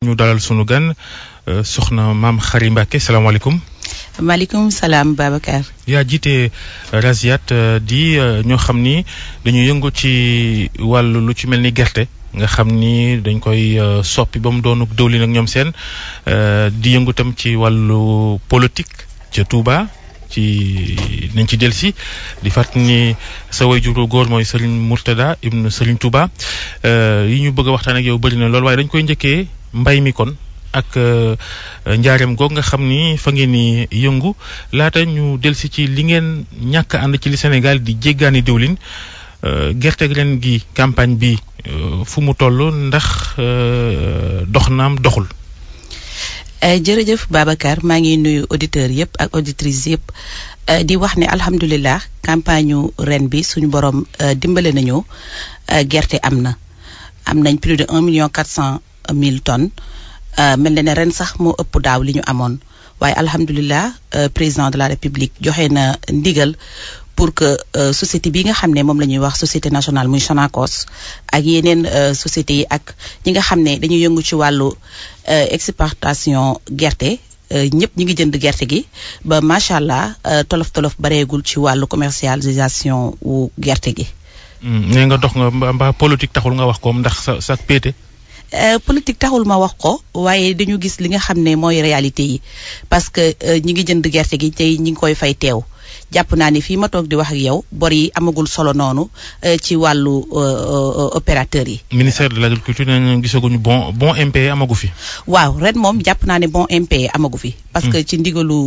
ñu dalal sunu gan euh, soxna mam mbake mbacke alaykum Malikum Salam, babakar Ya jité euh, raziat euh, di ño xamni dañu yëngu ci walu lu ci melni gerté nga xamni dañ koy soppi bam mu doonu dowli nak ñom sen di yëngu tam ci walu politique ci touba ci nañ ci delsi di fat ni sa way juro gor moy serigne murtada ibnu serigne touba yi ñu bëgg waxtaan ak yow bari na lool way dañ koy ñëkke mbay mi kon ak euh, njaareem goog nga xam ni fa ngeen ni yëngu laata ñu delsi ci li ngeen ñàkk ànd ci li Sénégal di jéggaani diwlin euh, gerte ren gi campagne bi euh, fu mu toll ndax dox naam doxul. Eh, jërëjëf Babacar maa ngi nuyu auditeurs yëpp ak auditrices yëpp eh, di wax ni alhamdulilah campagne ren bi suñu borom eh, dimbale nañu gerte am na am nañ plus de million quatre cent mille tonnes euh, mel na ne ren sax moo ëpp daaw li ñu amoon waaye alhamdulilah euh, président de la république joxe na ndigal pour que euh, société bi nga xam ne moom la ñuy wax société nationale muy Sonacos ak yeneen société yi ak ñi nga xam ne dañuy yëngu ci wàllu exportation gerte ñëpp ñu ngi jënd gerte gi ba macha allah tolof tolof bareegul ci wàllu commercialisation wu gerte gi. Hmm, nee nga dox nga politique taxul nga wax koom ndax sa sa péete. Euh, politique taxul ma wax ko waaye dañu gis li nga xam ne mooy réalité yi parce que euh, ñi ngi jënd gerte gi tey ñi ngi koy fay teew jàpp naa ni fii ma toog di wax ak yow bor yi amagul solo noonu euh, ci wàllu euh, euh, opérateur yi. ministère de l'agriculture nañu gisaguñu bon bon impayé amagu fi. waaw ren moom jàpp naa ne bon impayé amagu fi. parce hmm. que ci ndigalu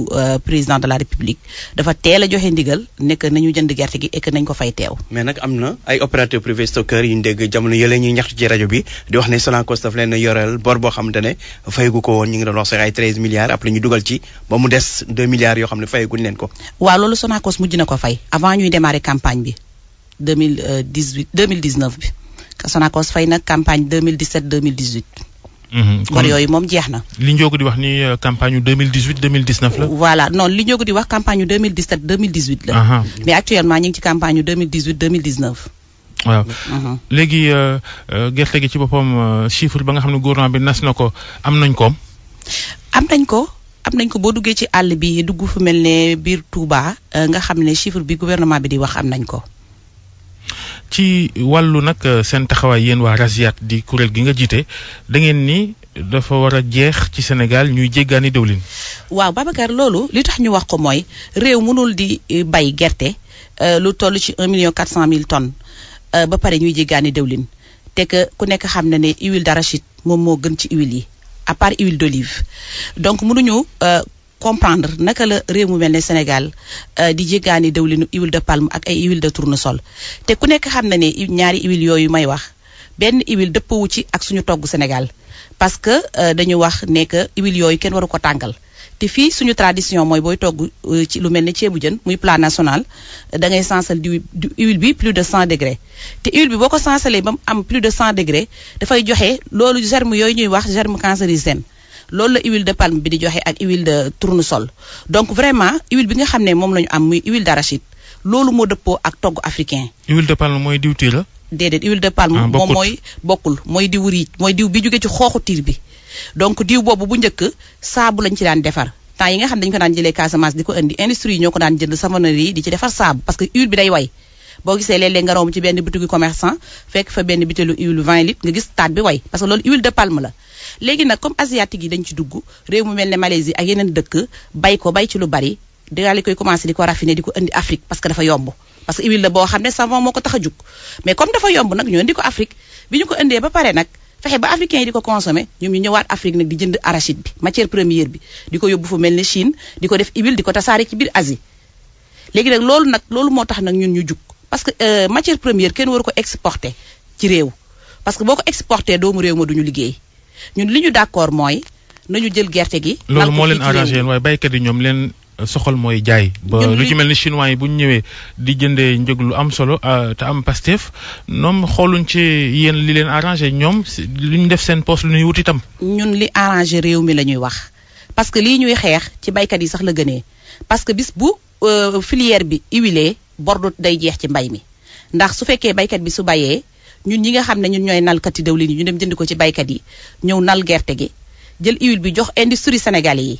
président de la république dafa teel a joxe ndigal nekk que nañu jënd gerte gi et nañ ko fay teew. mais nag am na ay opérateur privé stockeur yu ñu dégg jamono yële ñuy ñaxtu ci rajo bi di wax ne Sonacos daf leen a yoreel bor boo xamante ne gu ko woon ñu ngi doon wax sax ay 13 milliards après ñu dugal ci des 2 yoo xam ne fayaguñ leen ko. loolu Sonacos mujj na ko fay avant ñuy démarrer campagne bi 2018 2019 bi Sonacos fay nag campagne 2017 2018. moom jeex na. li Ndiogou di wax ni campagne yu 2018 2019 la. voilà non li Ndiogou di wax campagne yu 2017 2018 la. mais actuellement ñu ngi ci campagne yu 2018 2019. léegi gerte gi ci boppam chiffre ba nga xam ne gouvernement bi nas na ko am nañ koom. am nañ ko. am nañ ko boo duggee ci àll bi dugg fu mel ne biir Touba euh, nga xam ne chiffre bi gouvernement bi di wax am nañ ko. ci wàllu nag euh, seen taxawaay yéen waa Rasiat di kuréel gi nga jiite da ngeen ni dafa war a jeex ci Sénégal ñuy jéggaani dëwlin. waaw Babacar loolu li tax ñu wax ko mooy réew mënul di euh, bay gerte lu toll ci un million quatre cent mille tonnes ba pare ñuy jéggaani dëwlin te que ku nekk xam na ne huile d'arachide moom moo gën ci huile yi. à part huile d'olive donc mënuñu euh, comprendre naka la réew mu mel ne Sénégal euh, di jéggaani dëwlinu huile de palm ak ay huile de tournesol te ku nekk xam na ne ñaari huile yooyu may wax benn huile dëppwu ci ak suñu togg Sénégal parce que euh, dañu wax ne que huile yooyu kenn waru ko tàngal te fii suñu tradition mooy booy togg euh, ci lu mel ni ceebu jën muy plat national da ngay sansal di huile bi plus de cent degré te huile bi boo ko sansalee ba mu am plus de cent degré dafay joxe loolu germe yooyu ñuy wax germe cancérigène loolu la huile de palme bi di joxe ak huile de tournesol donc vraiment huile bi nga xam ne moom la ñu am muy huile d'arachide loolu moo dëppoo ak togg africain. huile de palme mooy diwtiir la. déedéet huile de palme. Ah, moom mooy bokkul mooy diw riij mooy diw bi jóge ci xooxu tiir bi. donc diw boobu bu njëkk saabu lañ ci daan defar temps yi nga xam dañu ko daan jëlee Casamance di ko indi industrie yi ñoo ko daan jënd savonnerie yi di ci defar saabu parce que huile bi day way boo gisee léeg nga romb ci benn bitigu commerçant fekk fa benn biteelu huile 20 litres nga gis taat bi way parce que loolu huile de palme la léegi nag comme asiatique yi dañ ci dugg réew mu mel ne Malaisie ak yeneen dëkk bay ko bay ci lu bari daal di koy commencé di ko raffiné di ko a fexe ba africain yi di ko consommer ñoom ñu ñëwaat Afrique nag di jënd arachide bi matière première bi di ko yóbbu fu mel ni Chine di ko def huile di ko tasaare ci biir Asie léegi nag loolu nag loolu moo tax nag ñun ñu jug parce que euh, matière première kenn waru ko exporter ci réew parce que boo ko exporter doomu réew ma duñu liggéey ñun li ñu d'accord mooy nañu jël gerte gi. loolu moo leen arrangé waaye baykat yi ñoom leen soxal mooy jaay ba lu ci mel ni chinois yi bu ñu ñëwee di jëndee njëg lu am solo ah, te am Pastef ñoom xooluñ ci yéen li leen arrangé ñoom lu ñu def seen poste lu ñuy wut itam. ñun li arrangé réew mi la ñuy wax parce que lii ñuy xeex ci baykat yi sax la gënee parce que bis bu euh, filière bi huilé bordut day jeex ci mbay mi ndax su fekkee baykat bi su bayee ñun ñi nga xam ne ñun ñooy nalkati dawlin yi ñu dem jënd ko ci baykat yi ñëw nal gerte gi jël huile bi jox industrie sénégalais yi.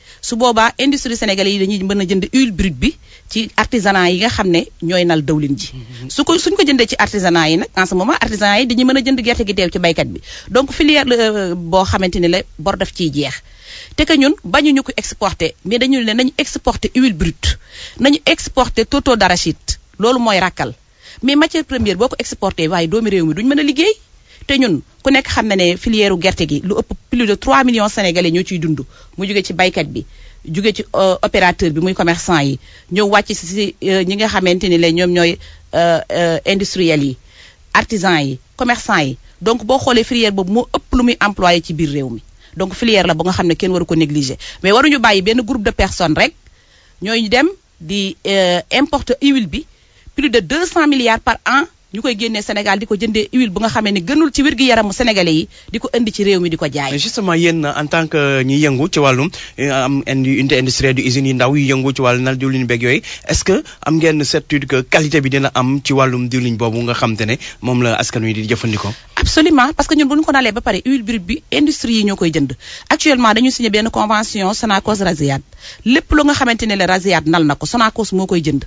su boobaa industrie sénégalais yi dañuy mën a jënd huile brute bi ci artisanat yi nga xam ne ñooy nal dawlin ji mhm. su ko suñ ko jëndee ci artisanat yi nag en ce moment artisanat yi dañuy mën a jënd gerte gi teew ci baykat bi donc filière euh, boo xamante ni la bor def ciy jeex te que ñun bañu ñu ko exporté mais dañu leen nañu exporté huile brute nañu exporté toto d'arachide loolu mooy ràkkal mais matière première boo ko exporté waaye doomi réew mi duñ mën a liggéey te ñun ku nekk xam na ne filière gerte gi lu ëpp plus de 3 millions sénégalais ñoo ciy dund mu jóge ci baykat bi jóge ci euh, opérateur bi muy commerçant yi ñëw wàcc si euh, ñi nga xamante ni la ñoom ñooy euh, industriels yi artisan yi commerçant yi donc boo xoolee filière boobu moo ëpp lu muy employé ci biir réew mi donc filière la bu nga xam ne kenn waru ko négliger mais waruñu bàyyi benn groupe de personnes rek ñooy dem di importe huile bi plus de 200 milliards par an ñu koy génnee Sénégal di ko jënde huile bu nga xamee ni gënul ci wérgu yaramu sénégalais yi di ko indi ci réew mi di ko jaay. mais justement yéen en tant que ñu yëngu ci wàllum euh, am indi unité industrielle ndaw yi yëngu ci wàllu nal diwlin beeg yooyu est-ce que am ngeen certitude que qualité bi dina am ci wàllum diwlin boobu nga xam ne moom la askan wi di jëfandikoo. absolument parce que ñun bu ñu ko nalee ba pare huile brute bi industrie yi ñoo koy jënd actuellement dañu signé benn convention Sonacos Rasiat lépp lu nga xamante ne la Rasiat nal na ko Sonacos moo koy jënd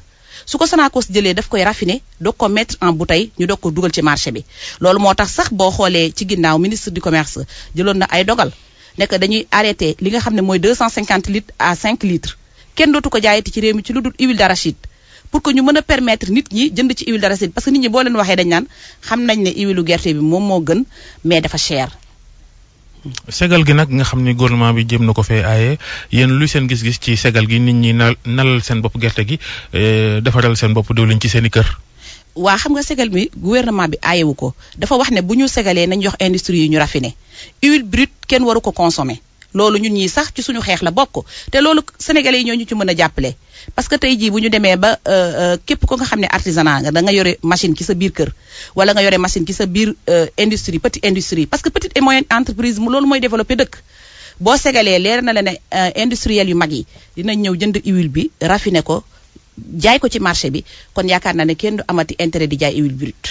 su ko Sonacos jëlee daf koy rafine doog ko mettre en bouteille ñu doog ko dugal ci marché bi loolu moo tax sax boo xoolee ci ginnaaw ministre du commerce jëloon na ay dogal nekk dañuy arrêté li nga xam ne mooy 250 litres à 5 litres kenn dootu ko jaayati ci réew mi ci lu dul huile d'arachide pour que ñu mën a permettre nit ñi jënd ci huile d'arachide parce que nit ñi boo leen waxee dañ naan xam nañ ne huile gerte bi moom moo gën mais dafa cher segal gi nag nga xam ni gouvernement bi jéem na ko fee aaye yéen luy seen gis-gis ci segal gi nit ñi nal nalal seen bopp gerte gi eh, defaral seen bopp diwlin ci seen i kër. waa xam nga segal mi gouvernement bi aayewu ko dafa wax ne bu ñu segalee nañ jox industrie yi ñu raffiné huile brute kenn waru ko consommer. loolu ñun ñi sax ci suñu xeex la bokk te loolu sénégalais yi ñoo ñu ci mën a jàppale parce que tey jii bu ñu demee ba euh, euh, képp ko nga xam ne artisanat nga da nga yore machine ci sa biir kër wala nga yore machine ci sa biir euh, industrie petite industrie parce que petite et moyenne entreprise loolu mooy développé dëkk boo segalee leer na leen ne industriel yu mag yi dina ñëw jënd huile bi raffiné ko jaay ko ci marché bi kon yaakaar naa ne kenn du amati intérêt di jaay huile brute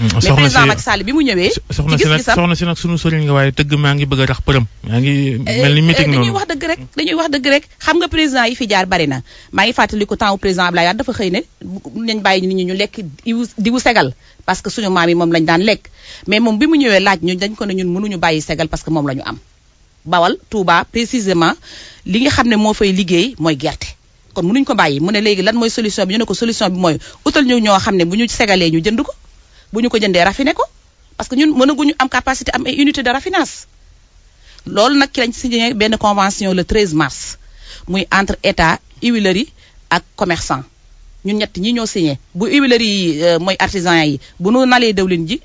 mais président Macky Sall bi mu ñëwee. ci gis-gisam soxna si nag sunu soriñ nga waaye tëgg maa ngi bëgg a tax përëm. maa ngi eh, mel ni meeting eh, noonu rek dañuy wax dëgg yi fi jaar bari na maa ngi fàttaliku temps président Abdoulaye Wade dafa xëy ne nañ bàyyi nit ñi ñu lekk diwu segal parce que suñu maam yi moom lañ daan lekk mais moom bi mu ñëwee laaj ñu dañ ko ne ñun mënuñu bàyyi segal parce que moom la ñu am bawal Touba précisément li nga xam ne moo fay liggéey mooy gerte kon mënuñ ko bàyyi mu ne léegi lan mooy solution bi ñu ne ko solution bi mooy utal ñu ñoo xam ne bu ñu segalee ñu jënd ko Nous ñu ko jëndee parce que ñun mënaguñu am capacité am une unité de raffinage loolu nag ki lañ signé benn convention le 13 mars muy entre état huilerie ak commerçant ñun ñett ñi ñoo signé bu huilerie yi euh, mooy artisan yi bu nu nalee dëwlin ji